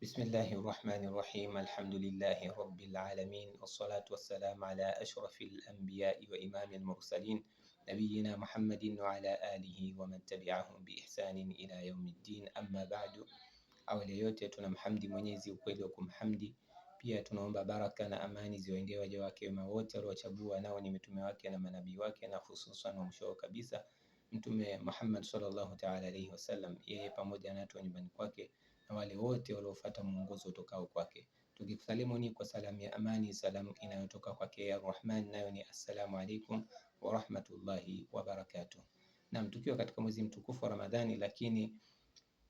Bismillahi rahmani rahim alhamdulillahi rabbil alamin wassalatu wassalamu ala ashrafil anbiyai wa imamil mursalin nabiyina Muhammadin wa ala alihi wa man tabi'ahum bi ihsanin ila yaumiddin amma ba'du. Awali yote tunamhamdi Mwenyezi ukweli wa pia tunaomba baraka na amani ziwaendee waja wake wema wote waliochagua nao ni mitume wake na manabii wake na hususan wa mwisho kabisa Mtume Muhammad sallallahu ta'ala alayhi wasallam, yeye pamoja na watu wa nyumbani kwake na wale wote waliofuata mwongozo utokao kwake. ni kwa salamu ya amani, salamu inayotoka kwake ya Rahman, nayo ni assalamu alaikum wa rahmatullahi wa barakatuh. Naam, tukiwa katika mwezi mtukufu wa Ramadhani, lakini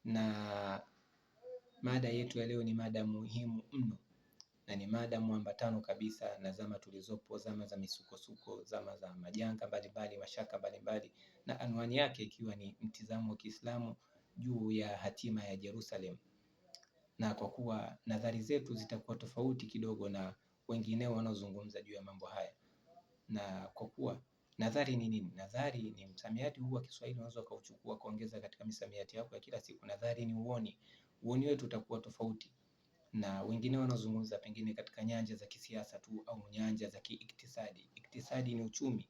na mada yetu ya leo ni mada muhimu mno na ni mada mwambatano kabisa na zama tulizopo, zama za misukosuko, zama za majanga mbalimbali, mashaka mbalimbali, na anwani yake ikiwa ni mtizamo wa Kiislamu juu ya hatima ya Jerusalem na kwa kuwa nadhari zetu zitakuwa tofauti kidogo na wengineo wanaozungumza juu ya mambo haya, na kwa kuwa nadhari ni nini? Nadhari ni msamiati huu wa Kiswahili, unaweza ukauchukua kuongeza katika misamiati yako ya kila siku. Nadhari ni uoni, uoni wetu utakuwa tofauti na wengine wanaozungumza pengine katika nyanja za kisiasa tu au nyanja za kiiktisadi. Iktisadi ni uchumi,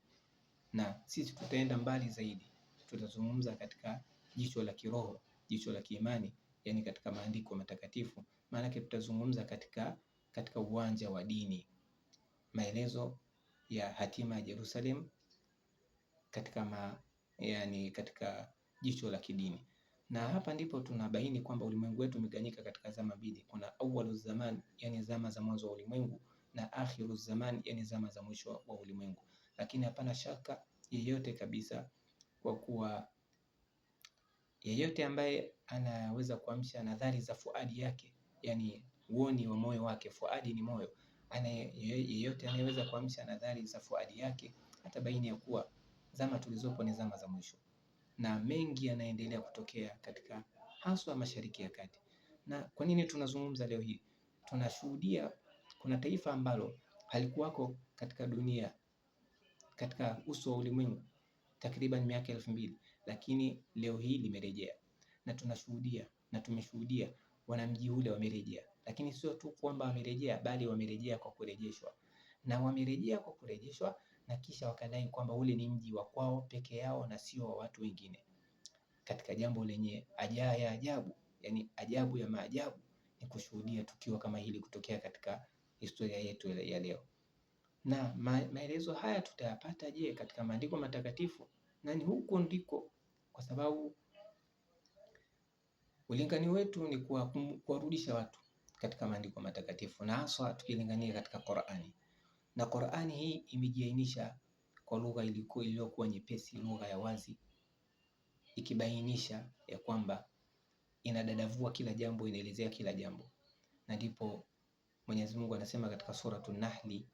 na sisi tutaenda mbali zaidi, tutazungumza katika jicho la kiroho, jicho la kiimani, yani katika maandiko matakatifu, maanake tutazungumza katika, katika uwanja wa dini, maelezo ya hatima ya Jerusalem katika ma, yani katika jicho la kidini, na hapa ndipo tunabaini kwamba ulimwengu wetu umeganyika katika zama mbili. Kuna awalu zaman, yani zama za mwanzo wa ulimwengu na akhiru zaman, yani zama za mwisho wa ulimwengu. Lakini hapana shaka yeyote kabisa kwa kuwa yeyote ambaye anaweza kuamsha nadhari za fuadi yake, yani uoni wa moyo wake, fuadi ni moyo Ana yeyote anayeweza kuamsha nadhari za fuadi yake hata baini ya kuwa zama tulizopo ni zama za mwisho, na mengi yanaendelea kutokea katika haswa Mashariki ya Kati. Na kwa nini tunazungumza leo hii? Tunashuhudia kuna taifa ambalo halikuwako katika dunia katika uso wa ulimwengu takriban miaka elfu mbili lakini leo hii limerejea, na tunashuhudia na tumeshuhudia wanamji ule wamerejea, lakini sio tu kwamba wamerejea, bali wamerejea kwa kurejeshwa, na wamerejea kwa kurejeshwa na kisha wakadai kwamba ule ni mji wa kwao peke yao na sio wa watu wengine. Katika jambo lenye ajaa ya ajabu, yani ajabu ya maajabu, ni kushuhudia tukio kama hili kutokea katika historia yetu ya leo. Na maelezo haya tutayapata je, katika maandiko matakatifu? Na ni huko ndiko kwa sababu ulingani wetu ni kuwarudisha watu katika maandiko matakatifu na haswa tukilingania katika Qur'ani, na Qur'ani hii imejiainisha kwa lugha iliyokuwa nyepesi, lugha ya wazi, ikibainisha ya kwamba inadadavua kila jambo, inaelezea kila jambo, na ndipo Mwenyezi Mungu anasema katika suratu Nahli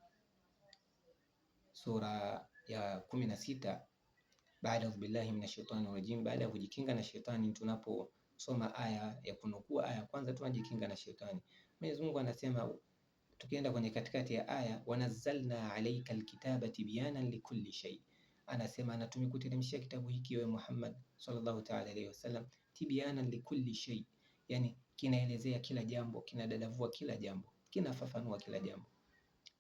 sura ya kumi na sita baada billahi minash shaitani rajim, baada ya kujikinga na shetani, tunaposoma aya ya kunukua aya kwanza, tunajikinga na shetani. Mwenyezi Mungu anasema, tukienda kwenye katikati ya aya, wanazalna alayka alkitaba tibyana likulli shay, anasema na tumekuteremshia kitabu hiki wewe Muhammad sallallahu ta'ala alayhi wasallam, tibyana likulli shay, yani kinaelezea kila jambo, kinadadavua kila jambo, kinafafanua kila jambo,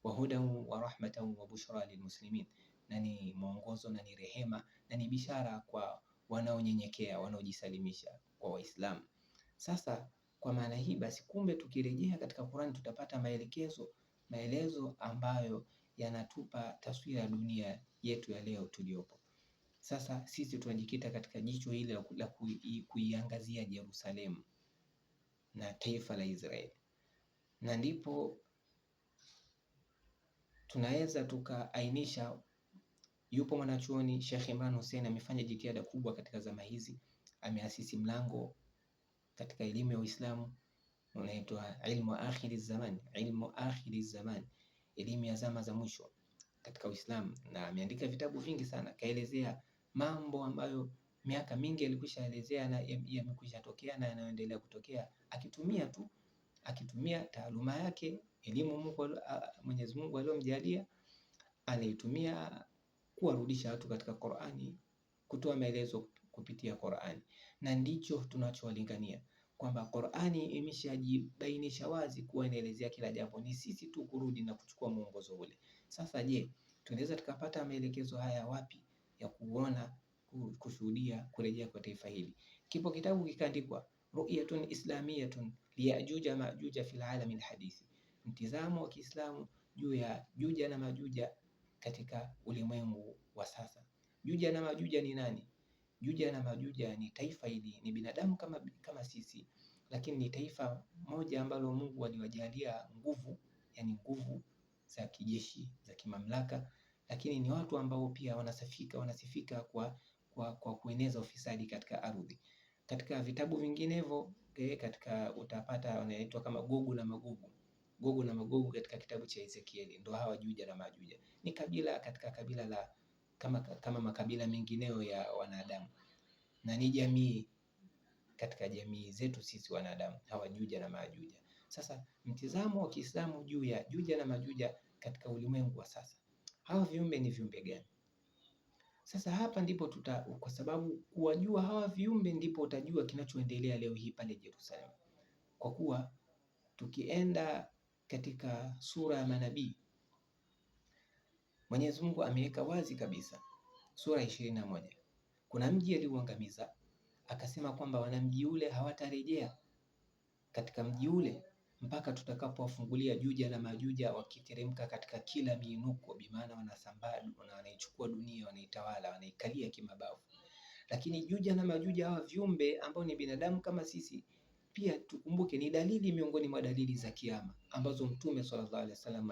wa hudan wa rahmatan wa bushra lilmuslimin na ni mwongozo na ni rehema na ni bishara kwa wanaonyenyekea, wanaojisalimisha kwa Waislamu. Sasa kwa maana hii basi, kumbe tukirejea katika Qur'an tutapata maelekezo, maelezo ambayo yanatupa taswira ya dunia yetu ya leo tuliyopo. Sasa sisi tunajikita katika jicho hili la kuiangazia Yerusalemu na taifa la Israeli, na ndipo tunaweza tukaainisha Yupo mwanachuoni Sheikh Imran Hussein amefanya jitihada kubwa katika zama hizi, ameasisi mlango katika elimu ya Uislamu unaitwa ilmu akhiri zaman, ilmu akhiri zaman, elimu ya zama za mwisho katika Uislamu, na ameandika vitabu vingi sana, kaelezea mambo ambayo miaka mingi alikwisha elezea na yamekwisha tokea na yanayoendelea kutokea, akitumia tu akitumia taaluma yake, elimu Mwenyezi Mungu aliyomjalia, anaitumia kuwarudisha watu katika Qur'ani, kutoa maelezo kupitia Qur'ani, na ndicho tunachowalingania kwamba Qur'ani imeshajibainisha wazi kuwa inaelezea kila jambo, ni sisi tu kurudi na kuchukua mwongozo ule. Sasa je, tunaweza tukapata maelekezo haya wapi ya kuona, kushuhudia, kurejea kwa taifa hili? Kipo kitabu kikaandikwa Ru'yatun Islamiyatun liyajuja majuja fil alamin hadithi, mtizamo wa Kiislamu juu ya juja na majuja katika ulimwengu wa sasa. Juja na Majuja ni nani? Juja na Majuja ni taifa hili, ni binadamu kama, kama sisi, lakini ni taifa moja ambalo Mungu aliwajalia nguvu, yani nguvu za kijeshi za kimamlaka, lakini ni watu ambao pia wanasifika, wanasifika kwa, kwa, kwa kueneza ufisadi katika ardhi. Katika vitabu vinginevyo e, katika utapata wanaitwa kama gugu na magugu. Gogu na Magogu katika kitabu cha Ezekieli, ndo hawa Juja na Majuja ni kabila katika kabila la kama, kama makabila mengineo ya wanadamu na ni jamii katika jamii zetu sisi wanadamu hawa Juja na Majuja. Sasa mtizamo wa Kiislamu juu ya Juja na Majuja katika ulimwengu wa sasa, hawa viumbe ni viumbe gani? Sasa hapa ndipo tuta, kwa sababu kuwajua hawa viumbe ndipo utajua kinachoendelea leo hii pale Yerusalemu, kwa kuwa tukienda katika sura ya manabii Mwenyezi Mungu ameweka wazi kabisa, sura ishirini na moja kuna mji aliuangamiza, akasema kwamba wanamji ule hawatarejea katika mji ule mpaka tutakapowafungulia juja na majuja wakiteremka katika kila miinuko, bimaana wanasambaa na wanaichukua dunia, wanaitawala, wanaikalia kimabavu. Lakini juja na majuja hawa viumbe ambao ni binadamu kama sisi pia tukumbuke ni dalili miongoni mwa dalili za Kiama ambazo Mtume sallallahu alaihi wasallam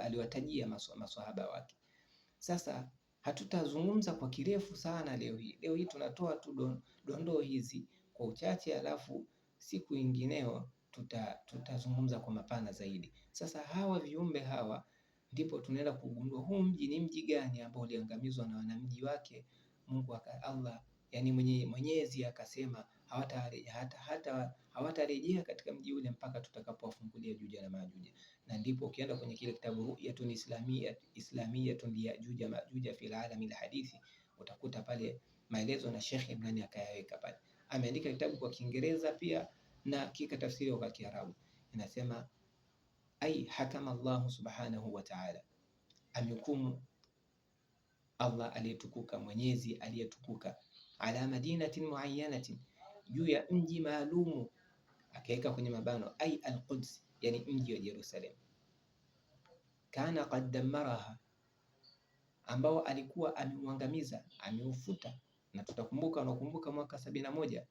aliwatajia maswahaba wake. Sasa hatutazungumza kwa kirefu sana leo hii. Leo hii tunatoa tu dondoo hizi kwa uchache, alafu siku ingineo tutazungumza tuta kwa mapana zaidi. Sasa hawa viumbe hawa ndipo tunaenda kugundua huu mji ni mji gani ambao uliangamizwa na wanamji wake Mungu aka Allah, yani mwenye, Mwenyezi akasema hawatarejea katika mji ule mpaka tutakapowafungulia Juja na Majuja. Na ndipo ukienda kwenye kile kitabu Ru'yatun Islamiyya Islamiyatun Juja Majuja fi alami alhadithi, utakuta pale maelezo na Sheikh Ibn akayaweka pale. Ameandika kitabu kwa Kiingereza pia na kika tafsiri kwa Kiarabu. Inasema ai hakama Allahu subhanahu wa ta'ala, amehukumu Allah aliyetukuka, mwenyezi aliyetukuka, ala madinatin muayyanatin juu ya mji maalumu, akaweka kwenye mabano ai al-Quds, yani mji wa Yerusalemu. Kana qad damaraha, ambao alikuwa ameuangamiza ameufuta. Na tutakumbuka unakumbuka mwaka sabini na moja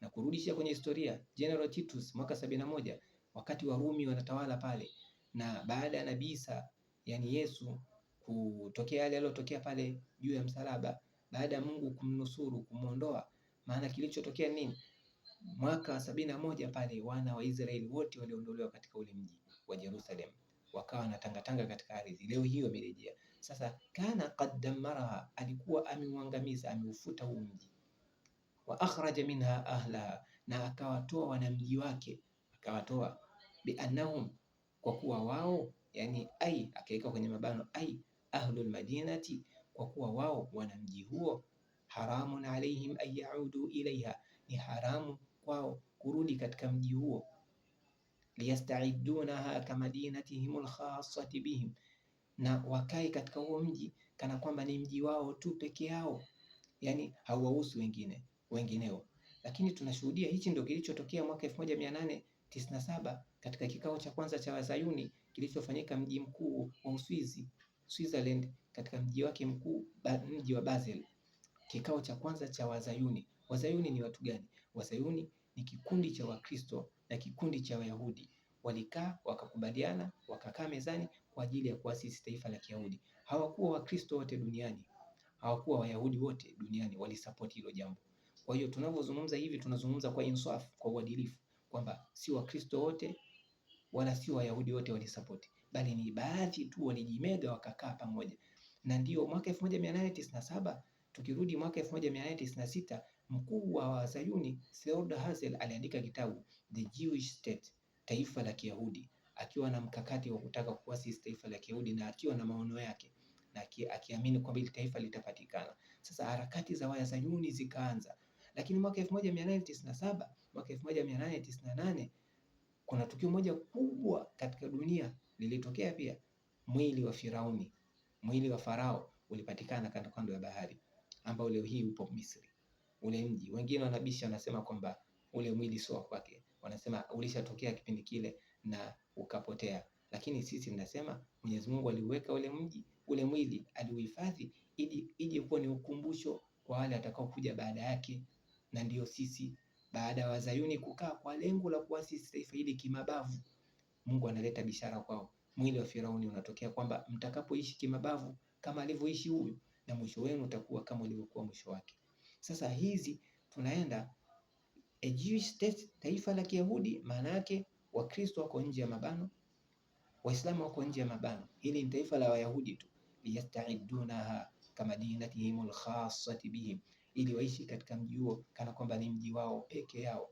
na kurudisha kwenye historia, General Titus mwaka sabini na moja wakati Warumi wanatawala pale, na baada ya Nabii Isa yani Yesu kutokea yale yaliyotokea pale juu ya msalaba, baada ya Mungu kumnusuru kumwondoa maana kilichotokea nini? Mwaka wa sabini na moja pale wana wa Israeli wote waliondolewa katika ule mji wa jerusalem wakawa na tangatanga katika ardhi. Leo hiyo wamerejea sasa. Kana qad damaraha, alikuwa ameuangamiza ameufuta huu mji. Wa akhraja minha ahlaha, na akawatoa wanamji wake, akawatoa biannahum, kwa kuwa wao yani ai, akiweka kwenye mabano ai ahlul madinati, kwa kuwa wao wanamji huo haramun alaihim an yaudu ilaiha, ni haramu kwao kurudi katika mji huo. Liyastaidunaha kamadinatihim alkhassati bihim, na wakae katika huo mji kana kwamba ni mji wao tu peke yao, yani hauwahusu wengine wengineo. Lakini tunashuhudia hichi ndio kilichotokea mwaka 1897 katika kikao cha kwanza cha wazayuni kilichofanyika mji mkuu wa Uswizi, Switzerland, katika mji wake mkuu, mji wa Basel kikao cha kwanza cha Wazayuni. Wazayuni ni watu gani? Wazayuni ni kikundi cha Wakristo na kikundi cha Wayahudi. Walikaa wakakubaliana, wakakaa mezani kwa ajili ya kuasisi taifa la Kiyahudi. Hawakuwa Wakristo wote duniani, hawakuwa Wayahudi wote duniani, walisapoti hilo jambo. Kwa hiyo tunavyozungumza hivi, tunazungumza kwa insaf, kwa uadilifu kwamba si Wakristo wote wala si Wayahudi wote walisapoti, bali ni baadhi tu walijimega wakakaa pamoja, na ndio mwaka 1897 Tukirudi mwaka 1896 mkuu wa Wasayuni Theodor Herzl aliandika kitabu The Jewish State, taifa la Kiyahudi, akiwa na mkakati wa kutaka kuasisi taifa la Kiyahudi na akiwa na maono yake na akiamini kwamba ile taifa litapatikana. Sasa harakati za Wasayuni zikaanza, lakini mwaka 1897 mwaka 1898 kuna tukio moja kubwa katika dunia lilitokea pia. Mwili wa Firauni, mwili wa Farao ulipatikana kando kando ya bahari ambao leo hii upo Misri, ule mji. Wengine wanabisha wanasema kwamba ule mwili sio wake, wanasema ulishatokea kipindi kile na ukapotea, lakini sisi tunasema Mwenyezi Mungu aliuweka ule mji, ule mwili aliuhifadhi ili ije kuwa ni ukumbusho kwa wale watakaokuja baada yake, na ndiyo sisi baada ya wazayuni kukaa kwa lengo la kuasisi taifa hili kimabavu, Mungu analeta bishara kwao. Mwili wa Firauni unatokea kwamba mtakapoishi kimabavu kama alivyoishi huyu na mwisho wenu utakuwa kama ulivyokuwa mwisho wake. Sasa hizi tunaenda a eh, Jewish state, taifa la Kiyahudi, maana yake Wakristo wako nje ya mabano, Waislamu wako nje ya mabano. Hili ni taifa la Wayahudi tu, liyastaidunaha kamadinatihim lkhasati bihim, ili waishi katika mji huo kana kwamba ni mji wao peke yao.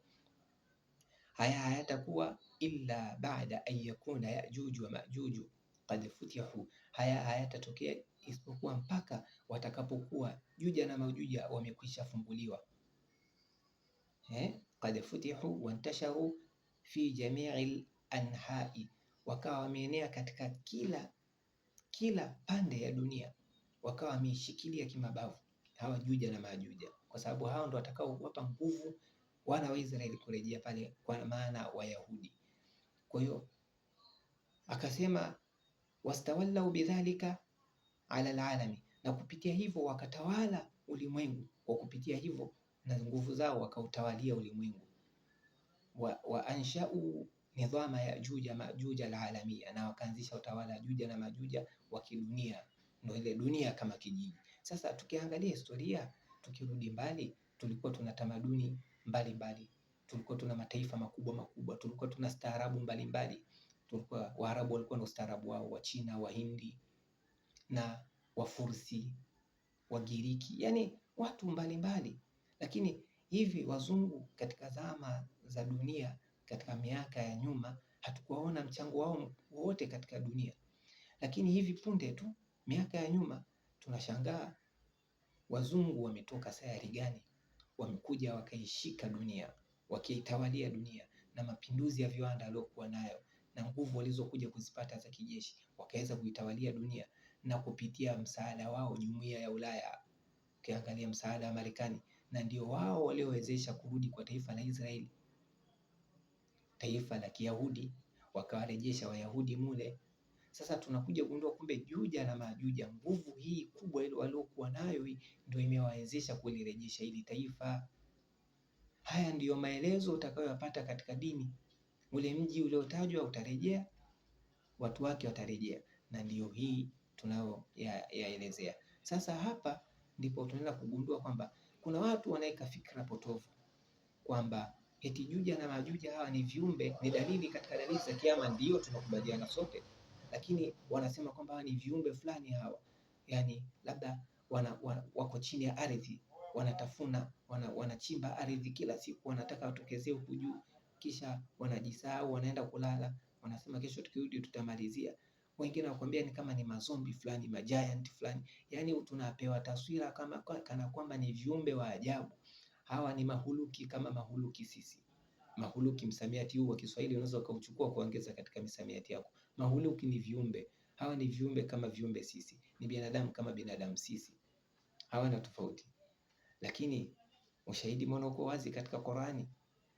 Haya hayatakuwa illa baada an yakuna yajuju wa majuju qad futihu, haya hayatatokea isipokuwa mpaka watakapokuwa Juja na Majuja wamekwisha fumbuliwa eh, qad futihu wantasharu fi jamii anhai, wakawa wameenea katika kila kila pande ya dunia, wakawa wameishikilia kimabavu hawa Juja na Majuja, kwa sababu hao ndo watakaowapa nguvu wana wa Israeli kurejea pale, kwa maana Wayahudi. Kwa hiyo akasema wastawallau bidhalika ala alalami, na kupitia hivyo wakatawala ulimwengu. Kwa kupitia hivyo na nguvu zao wakautawalia ulimwengu. wa, wa anshau nidhama ya Juja Majuja alalamia, na wakaanzisha utawala Juja na Majuja wa kidunia, ndio ile dunia kama kijiji. Sasa tukiangalia historia, tukirudi mbali, tulikuwa tuna tamaduni mbalimbali, tulikuwa tuna mataifa makubwa makubwa, tulikuwa tuna staarabu mbalimbali, tulikuwa Waarabu walikuwa na ustaarabu wao, Wachina, Wahindi na Wafursi, Wagiriki, yani watu mbalimbali mbali. Lakini hivi wazungu katika zama za dunia, katika miaka ya nyuma, hatukuwaona mchango wao wote katika dunia, lakini hivi punde tu miaka ya nyuma tunashangaa wazungu wametoka sayari gani, wamekuja wakaishika dunia, wakiitawalia dunia na mapinduzi ya viwanda waliokuwa nayo na nguvu walizokuja kuzipata za kijeshi, wakaweza kuitawalia dunia na kupitia msaada wao jumuiya ya Ulaya ukiangalia msaada wa Marekani na ndio wao waliowezesha kurudi kwa taifa la Israeli, taifa la Kiyahudi, wakawarejesha Wayahudi mule. Sasa tunakuja kugundua kumbe Juja na Majuja, nguvu hii kubwa ile waliokuwa nayo ndio imewawezesha kulirejesha hili taifa. Haya ndiyo maelezo utakayoyapata katika dini. Ule mji uliotajwa utarejea, watu wake watarejea, na ndiyo hii tunayoyaelezea. Sasa hapa ndipo tunaenda kugundua kwamba kuna watu wanaweka fikra potofu kwamba eti Juja na Majuja hawa ni viumbe, ni dalili katika dalili za kiama, ndio tunakubaliana sote, lakini wanasema kwamba hawa ni viumbe fulani hawa, yani labda wana, wana, wako chini ya ardhi wanatafuna wana, wanachimba ardhi kila siku, wanataka watokezee huku juu, kisha wanajisahau, wanaenda kulala, wanasema kesho tukirudi tutamalizia wengine wakwambia ni kama ni mazombi fulani, majiant fulani, yaani tunapewa taswira kama kana kwamba ni viumbe wa ajabu. Hawa ni mahuluki kama mahuluki sisi. Mahuluki, msamiati huu wa Kiswahili unaweza ukauchukua kuongeza katika misamiati yako. Mahuluki ni viumbe, hawa ni viumbe kama viumbe sisi, ni binadamu kama binadamu sisi, hawana tofauti. Lakini ushahidi mbona uko wazi katika Qur'ani,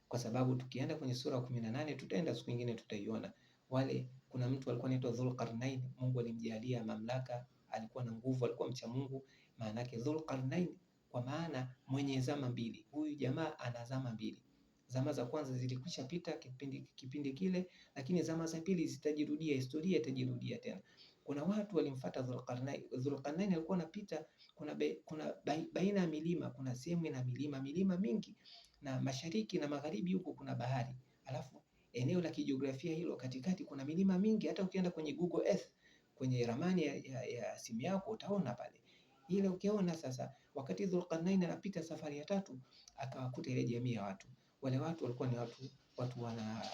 kwa sababu tukienda kwenye sura ya kumi na nane tutaenda siku nyingine tutaiona wale kuna mtu alikuwa anaitwa Dhulqarnain, Mungu alimjalia mamlaka, alikuwa na nguvu, alikuwa mcha Mungu. Maana yake Dhulqarnain kwa maana mwenye zama mbili. Huyu jamaa ana zama mbili, zama za kwanza zilikwisha pita kipindi, kipindi kile, lakini zama za pili zitajirudia, historia itajirudia tena. Kuna watu walimfuata Dhulqarnain. Dhulqarnain alikuwa anapita, kuna, be, kuna baina ya milima, kuna sehemu ina milima milima mingi, na mashariki na magharibi huko kuna bahari, alafu eneo la kijiografia hilo, katikati kuna milima mingi. Hata ukienda kwenye Google Earth, kwenye ramani ya, ya, ya simu yako utaona pale ile. Ukiona sasa, wakati Dhulqarnain anapita safari ya tatu, akawakuta ile jamii ya watu wale, watu walikuwa ni watu watu wana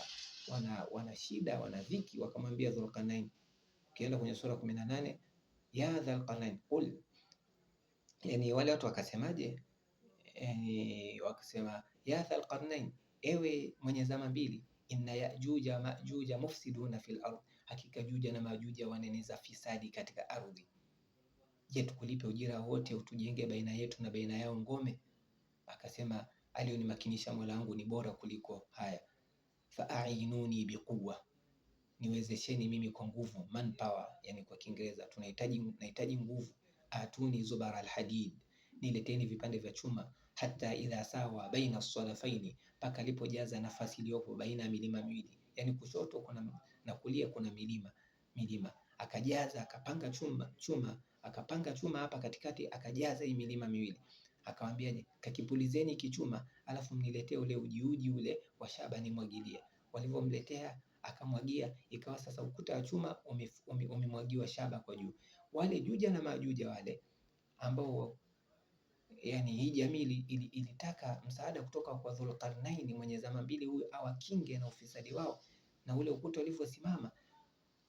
wana, wana shida wana dhiki, wakamwambia Dhulqarnain, ukienda kwenye sura kumi na nane ya Dhulqarnain qul, yani wale watu wakasemaje? Yani wakasema ya Dhulqarnain, ewe mwenye zama mbili inna yajuja majuja mufsiduna fil ardh, hakika juja na majuja waneneza fisadi katika ardhi. Je, tukulipe ujira wote utujenge baina yetu na baina yao ngome? Akasema aliyonimakinisha Mola wangu ni bora kuliko haya. Faainuni biquwa, niwezesheni mimi kwa nguvu, manpower, yani kwa Kiingereza tunahitaji nahitaji nguvu. Atuni zubara alhadid nileteni vipande vya chuma hata idha sawa baina salafaini, mpaka alipojaza nafasi iliyopo baina ya milima miwili, yani kushoto kuna na kulia kuna milima milima, akajaza akapanga chuma chuma, akapanga chuma hapa katikati, akajaza hii milima miwili. Akawaambiaje, kakipulizeni kichuma, alafu mniletee ule ujiuji ule wa shaba, nimwagilie. Walivyomletea akamwagia, ikawa sasa ukuta wa chuma umemwagiwa shaba kwa juu. Wale Juja na Majuja wale ambao yani hii jamii ili, ilitaka msaada kutoka kwa Dhulqarnaini, mwenye zama mbili huyu awakinge na ufisadi wao na ule ukuta ulivyosimama.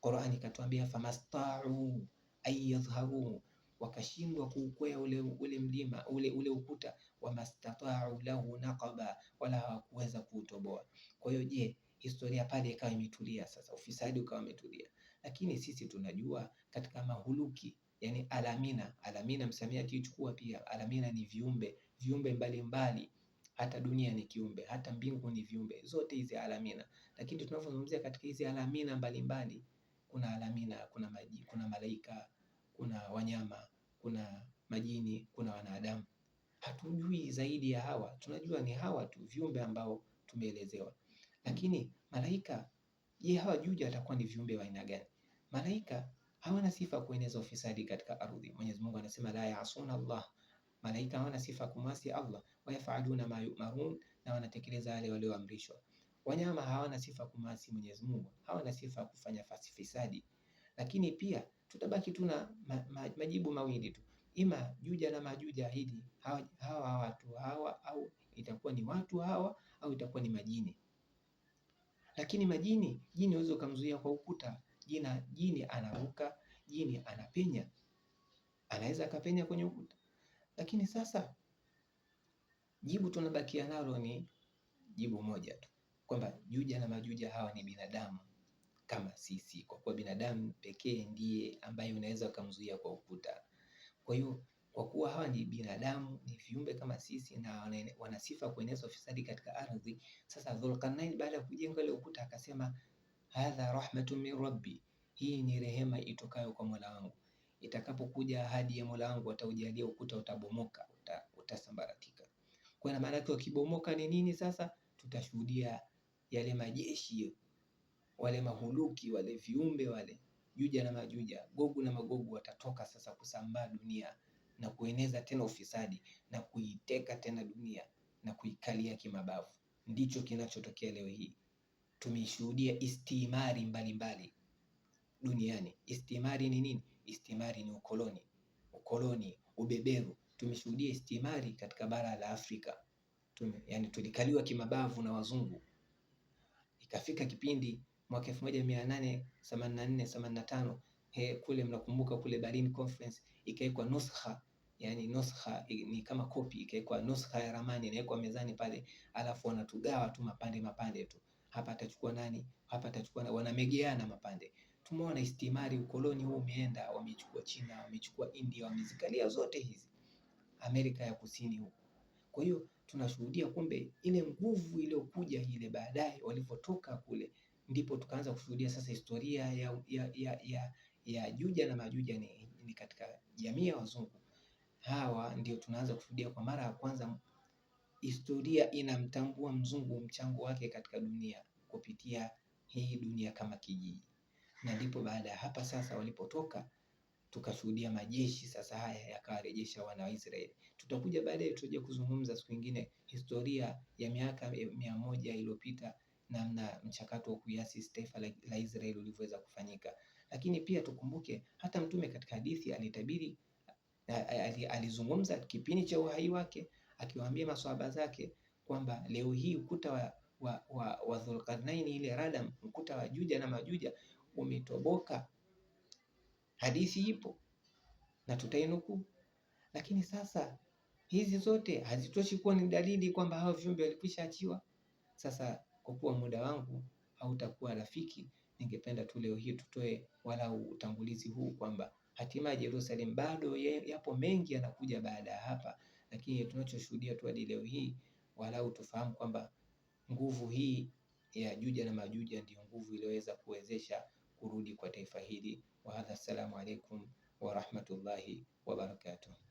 Qur'ani ikatuambia famastau ayadhharu, wakashindwa kuukwea ule, ule mlima ule, ule ukuta, wamastatau lahu naqaba, wala hawakuweza kuutoboa. Kwa hiyo je, historia pale ikawa imetulia, sasa ufisadi ukawa umetulia, lakini sisi tunajua katika mahuluki yani alamina. Alamina msamia akiichukua pia, alamina ni viumbe, viumbe mbalimbali mbali. Hata dunia ni kiumbe, hata mbingu ni viumbe, zote hizi alamina. Lakini tunapozungumzia katika hizi alamina mbalimbali mbali, kuna alamina, kuna maji, kuna malaika, kuna wanyama, kuna majini, kuna wanadamu. Hatujui zaidi ya hawa, tunajua ni hawa tu viumbe ambao tumeelezewa. Lakini malaika, je, hawa juja atakuwa ni viumbe wa aina gani? Malaika hawana sifa kueneza ufisadi katika ardhi. Mwenyezi Mungu anasema la yaasuna Allah, malaika hawana sifa kumasi Allah, Wayafaaluna ma yumarun, na wanatekeleza yale walioamrishwa. Wanyama hawana sifa kumasi Mwenyezi Mungu, hawana sifa kufanya fasifisadi. Lakini pia tutabaki tuna ma, ma, majibu mawili tu, ima juja na majuja hili hawa, hawa watu hawa, au itakuwa ni watu hawa au itakuwa ni majini. Lakini majini, jini unaweza ukamzuia kwa ukuta jina jini anaruka, jini anapenya, anaweza akapenya kwenye ukuta. Lakini sasa jibu tunabakia nalo ni jibu moja tu kwamba Juja na Majuja hawa ni binadamu kama sisi, kwa kuwa binadamu pekee ndiye ambaye unaweza ukamzuia kwa ukuta. Kwa hiyo kwa kuwa hawa ni binadamu, ni viumbe kama sisi na wanasifa kueneza ufisadi katika ardhi. Sasa Dhulqarnain baada ya kujenga ile ukuta akasema hadha rahmatun min rabbi, hii ni rehema itokayo kwa Mola wangu. Itakapokuja ahadi ya Mola wangu ataujalia ukuta utabomoka, utasambaratika. Kwa maana yake wakibomoka ni nini sasa? Tutashuhudia yale majeshi wale mahuluki wale viumbe wale Juja na Majuja, Gogu na Magogu watatoka sasa kusambaa dunia na kueneza tena ufisadi na kuiteka tena dunia na kuikalia kimabavu. Ndicho kinachotokea leo hii tumeishuhudia istimari mbalimbali duniani. Istimari ni nini? Istimari ni ukoloni, ukoloni, ubeberu. Tumeshuhudia istimari katika bara la Afrika tume, yani tulikaliwa kimabavu na wazungu, ikafika kipindi mwaka elfu moja mia nane themanini na nne themanini na tano he, kule mnakumbuka kule Berlin Conference ikawekwa nuskha yani nuskha ni kama kopi, ikawekwa nuskha ya ramani inawekwa mezani pale, alafu wanatugawa tu mapande mapande tu hapa atachukua nani, hapa atachukua nani, wanamegeana mapande. Tumeona istimari, ukoloni huu umeenda, wamechukua China, wamechukua India, wamezikalia zote hizi Amerika ya Kusini huko. Kwa hiyo tunashuhudia kumbe ile nguvu iliyokuja ile baadaye walipotoka kule, ndipo tukaanza kushuhudia sasa historia ya, ya, ya, ya, ya Juja na Majuja ni, ni katika jamii ya wazungu hawa, ndio tunaanza kushuhudia kwa mara ya kwanza historia inamtambua mzungu mchango wake katika dunia kupitia hii dunia kama kijiji, na ndipo baada ya hapa sasa walipotoka tukashuhudia majeshi sasa haya yakawarejesha wana wa Israeli. Tutakuja baadaye tuje kuzungumza siku nyingine historia ya miaka mia moja iliyopita namna mchakato wa kuiasisi taifa la, la Israeli ulivyoweza kufanyika. Lakini pia tukumbuke hata mtume katika hadithi alitabiri, alizungumza kipindi cha uhai wake, akiwaambia maswahaba zake kwamba leo hii ukuta wa, wa, wa, wa Dhulqarnain ile Radam, ukuta wa Juja na Majuja umetoboka. Hadithi ipo na tutainuku, lakini sasa hizi zote hazitoshi kuwa ni dalili kwamba hao viumbe walikwisha achiwa. Sasa kwa kuwa muda wangu hautakuwa rafiki, ningependa tu leo hii tutoe wala utangulizi huu kwamba hatima ya Yerusalemu bado yapo mengi yanakuja baada ya hapa lakini tunachoshuhudia tu hadi leo hii, walau tufahamu kwamba nguvu hii ya Juja na Majuja ndiyo nguvu iliyoweza kuwezesha kurudi kwa taifa hili. Wahadha, assalamu alaikum warahmatullahi wabarakatuh.